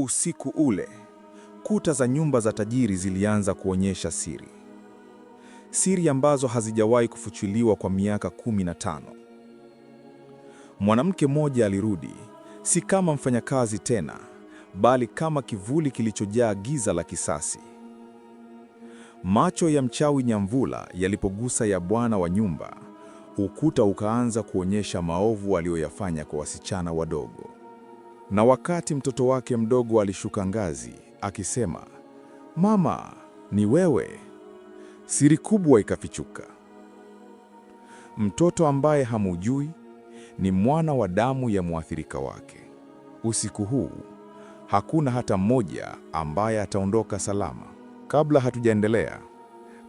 Usiku ule, kuta za nyumba za tajiri zilianza kuonyesha siri. Siri ambazo hazijawahi kufuchuliwa kwa miaka kumi na tano. Mwanamke mmoja alirudi, si kama mfanyakazi tena, bali kama kivuli kilichojaa giza la kisasi. Macho ya mchawi Nyamvula yalipogusa ya bwana wa nyumba, ukuta ukaanza kuonyesha maovu aliyoyafanya kwa wasichana wadogo na wakati mtoto wake mdogo alishuka ngazi akisema, mama, ni wewe, siri kubwa ikafichuka. Mtoto ambaye hamujui ni mwana wa damu ya mwathirika wake. Usiku huu hakuna hata mmoja ambaye ataondoka salama. Kabla hatujaendelea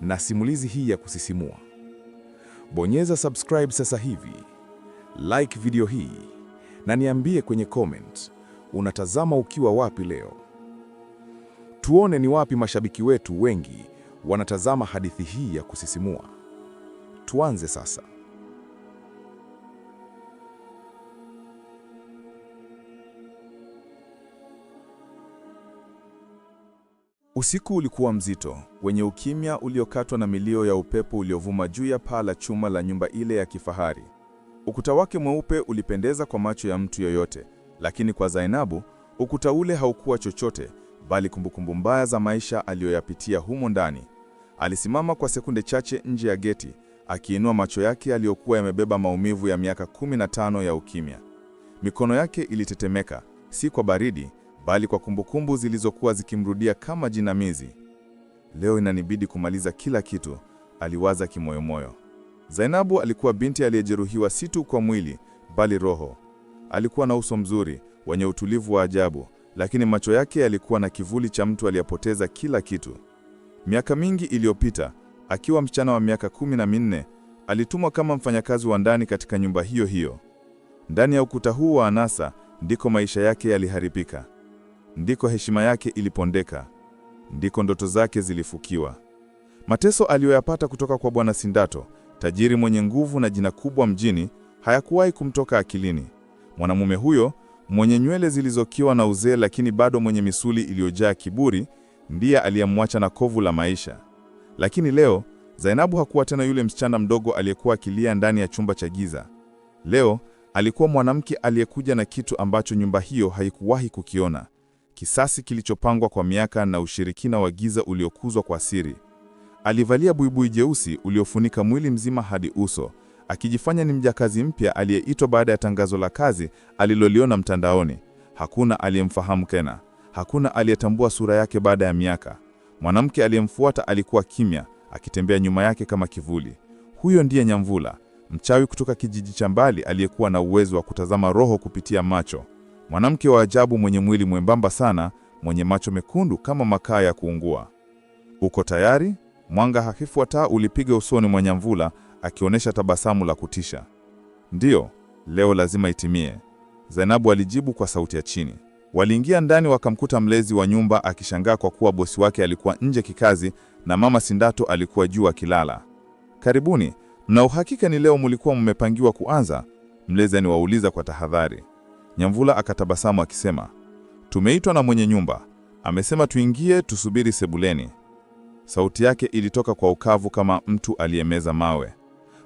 na simulizi hii ya kusisimua, bonyeza subscribe sasa hivi, like video hii na niambie kwenye comment, unatazama ukiwa wapi leo. Tuone ni wapi mashabiki wetu wengi wanatazama hadithi hii ya kusisimua. Tuanze sasa. Usiku ulikuwa mzito, wenye ukimya uliokatwa na milio ya upepo uliovuma juu ya paa la chuma la nyumba ile ya kifahari. Ukuta wake mweupe ulipendeza kwa macho ya mtu yoyote, lakini kwa Zainabu ukuta ule haukuwa chochote bali kumbukumbu mbaya za maisha aliyoyapitia humo ndani. Alisimama kwa sekunde chache nje ya geti, akiinua macho yake aliyokuwa yamebeba maumivu ya miaka 15 ya ukimya. Mikono yake ilitetemeka, si kwa baridi, bali kwa kumbukumbu zilizokuwa zikimrudia kama jinamizi. Leo inanibidi kumaliza kila kitu, aliwaza kimoyomoyo. Zainabu alikuwa binti aliyejeruhiwa si tu kwa mwili, bali roho. Alikuwa na uso mzuri wenye utulivu wa ajabu, lakini macho yake yalikuwa na kivuli cha mtu aliyepoteza kila kitu. Miaka mingi iliyopita, akiwa msichana wa miaka kumi na minne, alitumwa kama mfanyakazi wa ndani katika nyumba hiyo hiyo. Ndani ya ukuta huu wa anasa ndiko maisha yake yaliharibika, ndiko heshima yake ilipondeka, ndiko ndoto zake zilifukiwa. Mateso aliyoyapata kutoka kwa Bwana Sindato tajiri mwenye nguvu na jina kubwa mjini, hayakuwahi kumtoka akilini. Mwanamume huyo mwenye nywele zilizokiwa na uzee lakini bado mwenye misuli iliyojaa kiburi, ndiye aliyemwacha na kovu la maisha. Lakini leo Zainabu hakuwa tena yule msichana mdogo aliyekuwa akilia ndani ya chumba cha giza. Leo alikuwa mwanamke aliyekuja na kitu ambacho nyumba hiyo haikuwahi kukiona: kisasi kilichopangwa kwa miaka na ushirikina wa giza uliokuzwa kwa siri. Alivalia buibui jeusi uliofunika mwili mzima hadi uso, akijifanya ni mjakazi mpya aliyeitwa baada ya tangazo la kazi aliloliona mtandaoni. Hakuna aliyemfahamu Kena, hakuna aliyetambua sura yake baada ya miaka. Mwanamke aliyemfuata alikuwa kimya, akitembea nyuma yake kama kivuli. Huyo ndiye Nyamvula, mchawi kutoka kijiji cha mbali aliyekuwa na uwezo wa kutazama roho kupitia macho. Mwanamke wa ajabu mwenye mwili mwembamba sana, mwenye macho mekundu kama makaa ya kuungua. Uko tayari? Mwanga hafifu wa taa ulipiga usoni mwa Nyamvula akionyesha tabasamu la kutisha. Ndiyo, leo lazima itimie, Zainabu alijibu kwa sauti ya chini. Waliingia ndani wakamkuta mlezi wa nyumba akishangaa kwa kuwa bosi wake alikuwa nje kikazi na mama Sindato alikuwa juu akilala. Karibuni, mna uhakika ni leo mulikuwa mmepangiwa kuanza? Mlezi aniwauliza kwa tahadhari. Nyamvula akatabasamu akisema, tumeitwa na mwenye nyumba, amesema tuingie tusubiri sebuleni. Sauti yake ilitoka kwa ukavu kama mtu aliyemeza mawe.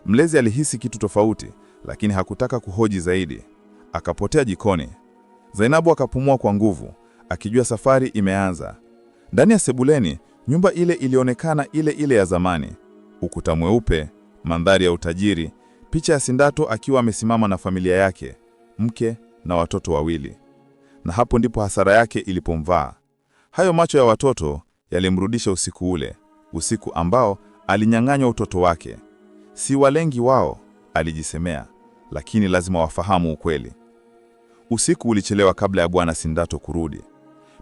Mlezi alihisi kitu tofauti, lakini hakutaka kuhoji zaidi. Akapotea jikoni. Zainabu akapumua kwa nguvu, akijua safari imeanza. Ndani ya sebuleni, nyumba ile ilionekana ile ile ya zamani, ukuta mweupe, mandhari ya utajiri, picha ya Sindato akiwa amesimama na familia yake, mke na watoto wawili. Na hapo ndipo hasara yake ilipomvaa. Hayo macho ya watoto yalimrudisha usiku ule, usiku ambao alinyang'anywa utoto wake. Si walengi wao, alijisemea, lakini lazima wafahamu ukweli. Usiku ulichelewa kabla ya Bwana Sindato kurudi.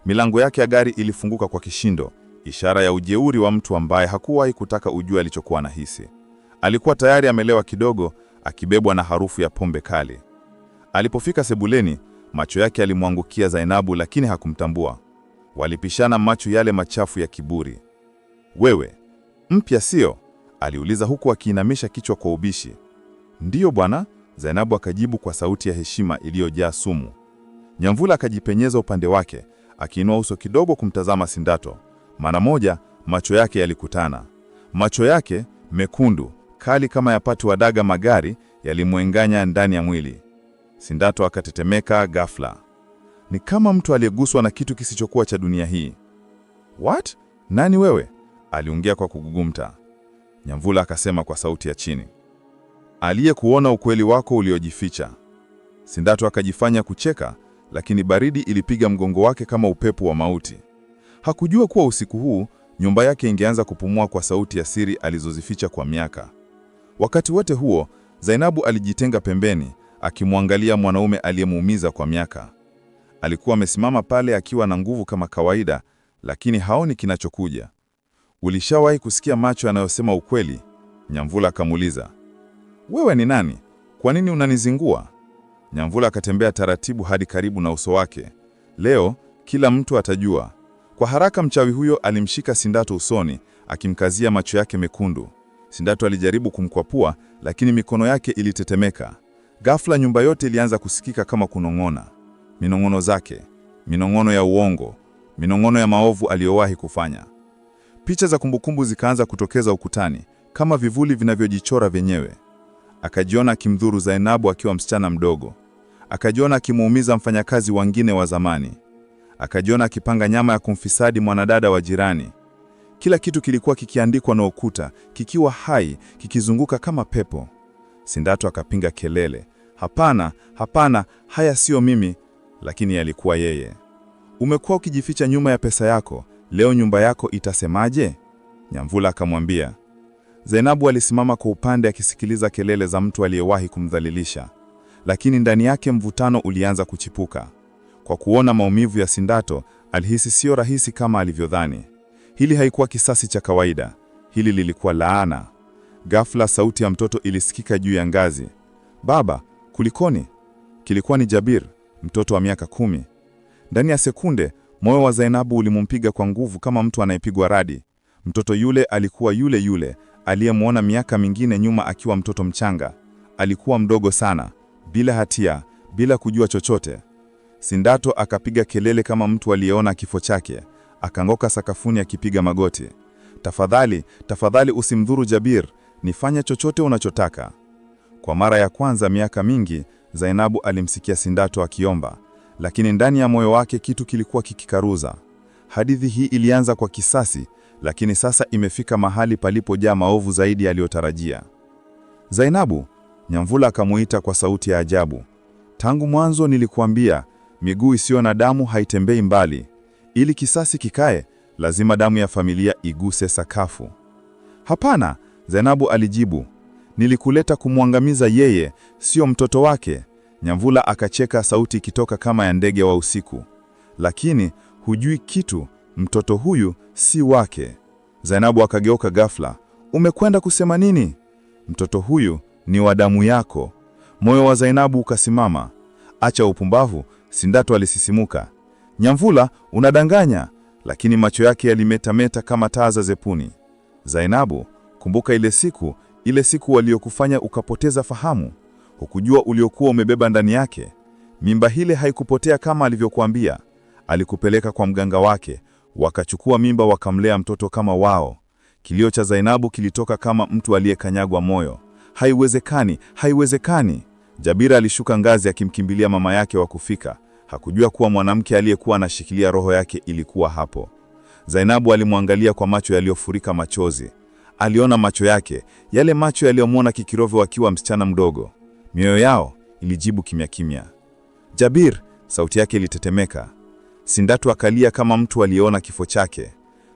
Milango yake ya gari ilifunguka kwa kishindo, ishara ya ujeuri wa mtu ambaye hakuwahi kutaka ujue alichokuwa anahisi. Alikuwa tayari amelewa kidogo, akibebwa na harufu ya pombe kali. Alipofika sebuleni, macho yake yalimwangukia Zainabu, lakini hakumtambua. Walipishana macho yale machafu ya kiburi. Wewe mpya sio? aliuliza huku akiinamisha kichwa kwa ubishi. Ndiyo bwana, Zainabu akajibu kwa sauti ya heshima iliyojaa sumu. Nyamvula akajipenyeza upande wake, akiinua uso kidogo kumtazama Sindato. Mara moja macho yake yalikutana. Macho yake mekundu kali kama ya patu wa daga magari yalimwenganya ndani ya mwili. Sindato akatetemeka ghafla. Ni kama mtu aliyeguswa na kitu kisichokuwa cha dunia hii. What? Nani wewe? aliongea kwa kugugumta. Nyamvula akasema kwa sauti ya chini, aliyekuona ukweli wako uliojificha. Sindatu akajifanya kucheka, lakini baridi ilipiga mgongo wake kama upepo wa mauti. Hakujua kuwa usiku huu nyumba yake ingeanza kupumua kwa sauti ya siri alizozificha kwa miaka. Wakati wote huo, Zainabu alijitenga pembeni, akimwangalia mwanaume aliyemuumiza kwa miaka. Alikuwa amesimama pale akiwa na nguvu kama kawaida, lakini haoni kinachokuja. Ulishawahi kusikia macho yanayosema ukweli? Nyamvula akamuuliza, wewe ni nani? Kwa nini unanizingua? Nyamvula akatembea taratibu hadi karibu na uso wake. Leo kila mtu atajua. Kwa haraka mchawi huyo alimshika Sindato usoni, akimkazia macho yake mekundu. Sindato alijaribu kumkwapua, lakini mikono yake ilitetemeka. Ghafla nyumba yote ilianza kusikika kama kunong'ona minong'ono zake, minong'ono ya uongo, minong'ono ya maovu aliyowahi kufanya. Picha za kumbukumbu zikaanza kutokeza ukutani kama vivuli vinavyojichora vyenyewe. Akajiona akimdhuru Zainabu akiwa msichana mdogo, akajiona akimuumiza mfanyakazi wengine wa zamani, akajiona akipanga nyama ya kumfisadi mwanadada wa jirani. Kila kitu kilikuwa kikiandikwa na ukuta, kikiwa hai, kikizunguka kama pepo. Sindatu akapinga kelele, hapana, hapana, haya siyo mimi, lakini alikuwa yeye. Umekuwa ukijificha nyuma ya pesa yako, leo nyumba yako itasemaje? Nyamvula akamwambia. Zainabu alisimama kwa upande akisikiliza kelele za mtu aliyewahi kumdhalilisha, lakini ndani yake mvutano ulianza kuchipuka. Kwa kuona maumivu ya Sindato, alihisi sio rahisi kama alivyodhani. Hili haikuwa kisasi cha kawaida, hili lilikuwa laana. Ghafla sauti ya mtoto ilisikika juu ya ngazi. Baba, kulikoni? Kilikuwa ni Jabir, mtoto wa miaka kumi. Ndani ya sekunde, moyo wa Zainabu ulimumpiga kwa nguvu kama mtu anayepigwa radi. Mtoto yule alikuwa yule yule aliyemwona miaka mingine nyuma akiwa mtoto mchanga. Alikuwa mdogo sana, bila hatia, bila kujua chochote. Sindato akapiga kelele kama mtu aliyeona kifo chake, akangoka sakafuni akipiga magoti. Tafadhali, tafadhali usimdhuru Jabir, nifanya chochote unachotaka. Kwa mara ya kwanza miaka mingi Zainabu alimsikia Sindato akiomba, lakini ndani ya moyo wake kitu kilikuwa kikikaruza. Hadithi hii ilianza kwa kisasi, lakini sasa imefika mahali palipojaa maovu zaidi yaliyotarajia. Zainabu, Nyamvula akamuita kwa sauti ya ajabu. Tangu mwanzo nilikuambia miguu isiyo na damu haitembei mbali. Ili kisasi kikae, lazima damu ya familia iguse sakafu. Hapana, Zainabu alijibu nilikuleta kumwangamiza yeye, sio mtoto wake. Nyamvula akacheka, sauti ikitoka kama ya ndege wa usiku. Lakini hujui kitu, mtoto huyu si wake. Zainabu akageuka ghafla. Umekwenda kusema nini? Mtoto huyu ni wa damu yako. Moyo wa Zainabu ukasimama. Acha upumbavu, Sindatu alisisimuka. Nyamvula, unadanganya. Lakini macho yake yalimetameta kama taa za zepuni. Zainabu, kumbuka ile siku ile siku waliokufanya ukapoteza fahamu, hukujua uliokuwa umebeba ndani yake. Mimba hile haikupotea kama alivyokuambia. Alikupeleka kwa mganga wake, wakachukua mimba, wakamlea mtoto kama wao. Kilio cha Zainabu kilitoka kama mtu aliyekanyagwa moyo. Haiwezekani, haiwezekani! Jabira alishuka ngazi akimkimbilia mama yake wa kufika. Hakujua kuwa mwanamke aliyekuwa anashikilia roho yake ilikuwa hapo. Zainabu alimwangalia kwa macho yaliyofurika machozi aliona macho yake, yale macho yaliyomwona Kikirovo akiwa msichana mdogo. Mioyo yao ilijibu kimya kimya. Jabir, sauti yake ilitetemeka. Sindatu akalia kama mtu aliyeona kifo chake.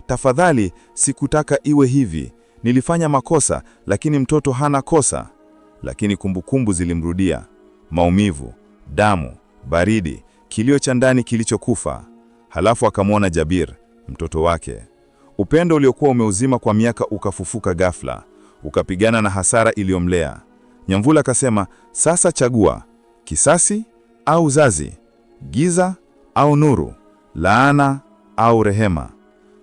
Tafadhali, sikutaka iwe hivi. Nilifanya makosa, lakini mtoto hana kosa. Lakini kumbukumbu zilimrudia, maumivu, damu, baridi, kilio cha ndani kilichokufa. Halafu akamwona Jabir, mtoto wake. Upendo uliokuwa umeuzima kwa miaka ukafufuka ghafla, ukapigana na hasara iliyomlea. Nyamvula akasema, sasa chagua kisasi au zazi giza au nuru, laana au rehema.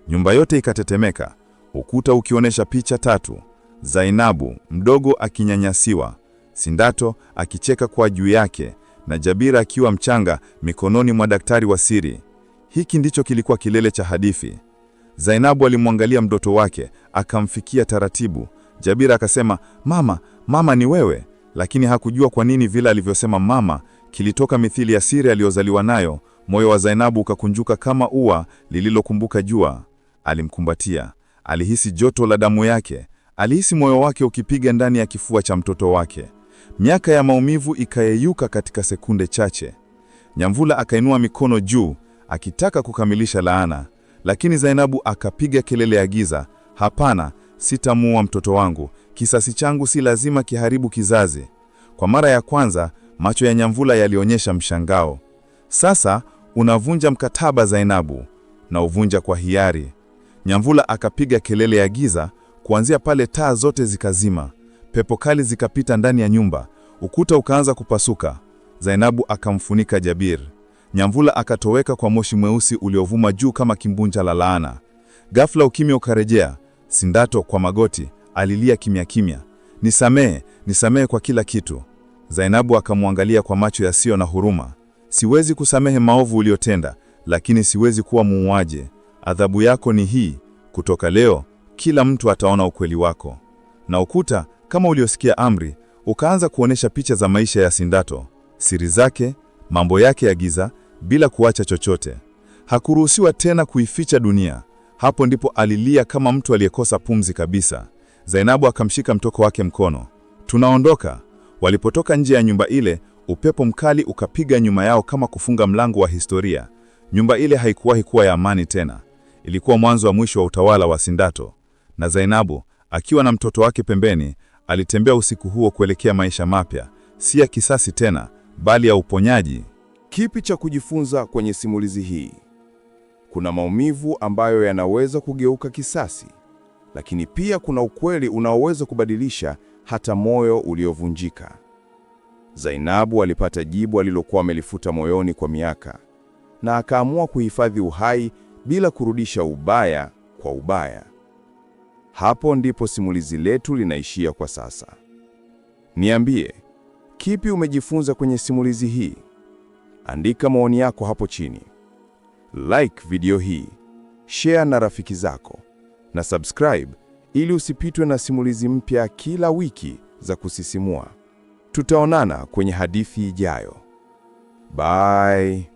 Nyumba yote ikatetemeka, ukuta ukionyesha picha tatu: Zainabu mdogo akinyanyasiwa, Sindato akicheka kwa juu yake, na Jabira akiwa mchanga mikononi mwa daktari wa siri. Hiki ndicho kilikuwa kilele cha hadithi. Zainabu alimwangalia mtoto wake, akamfikia taratibu. jabira akasema, mama, mama ni wewe, lakini hakujua kwa nini vile alivyosema mama kilitoka mithili ya siri aliyozaliwa nayo. Moyo wa Zainabu ukakunjuka kama ua lililokumbuka jua. Alimkumbatia, alihisi joto la damu yake, alihisi moyo wake ukipiga ndani ya kifua cha mtoto wake. Miaka ya maumivu ikayeyuka katika sekunde chache. Nyamvula akainua mikono juu akitaka kukamilisha laana, lakini Zainabu akapiga kelele ya giza, hapana, sitamuua mtoto wangu, kisasi changu si lazima kiharibu kizazi. Kwa mara ya kwanza macho ya Nyamvula yalionyesha mshangao. Sasa unavunja mkataba Zainabu, na uvunja kwa hiari. Nyamvula akapiga kelele ya giza. Kuanzia pale taa zote zikazima, pepo kali zikapita ndani ya nyumba, ukuta ukaanza kupasuka. Zainabu akamfunika Jabir. Nyamvula akatoweka kwa moshi mweusi uliovuma juu kama kimbunja la laana. Ghafla ukimya ukarejea. Sindato kwa magoti alilia kimya kimya, nisamehe, nisamehe kwa kila kitu. Zainabu akamwangalia kwa macho yasiyo na huruma. Siwezi kusamehe maovu uliyotenda, lakini siwezi kuwa muuaje Adhabu yako ni hii. Kutoka leo kila mtu ataona ukweli wako. Na ukuta kama uliosikia amri ukaanza kuonesha picha za maisha ya Sindato, siri zake, mambo yake ya giza bila kuacha chochote. Hakuruhusiwa tena kuificha dunia. Hapo ndipo alilia kama mtu aliyekosa pumzi kabisa. Zainabu akamshika mtoko wake mkono, tunaondoka. Walipotoka nje ya nyumba ile, upepo mkali ukapiga nyuma yao kama kufunga mlango wa historia. Nyumba ile haikuwahi kuwa ya amani tena. Ilikuwa mwanzo wa mwisho wa utawala wa Sindato, na Zainabu akiwa na mtoto wake pembeni, alitembea usiku huo kuelekea maisha mapya, si ya kisasi tena, bali ya uponyaji. Kipi cha kujifunza kwenye simulizi hii? Kuna maumivu ambayo yanaweza kugeuka kisasi, lakini pia kuna ukweli unaoweza kubadilisha hata moyo uliovunjika. Zainabu alipata jibu alilokuwa amelifuta moyoni kwa miaka, na akaamua kuhifadhi uhai bila kurudisha ubaya kwa ubaya. Hapo ndipo simulizi letu linaishia kwa sasa. Niambie, kipi umejifunza kwenye simulizi hii? Andika maoni yako hapo chini. Like video hii, share na rafiki zako na subscribe ili usipitwe na simulizi mpya kila wiki za kusisimua. Tutaonana kwenye hadithi ijayo. Bye.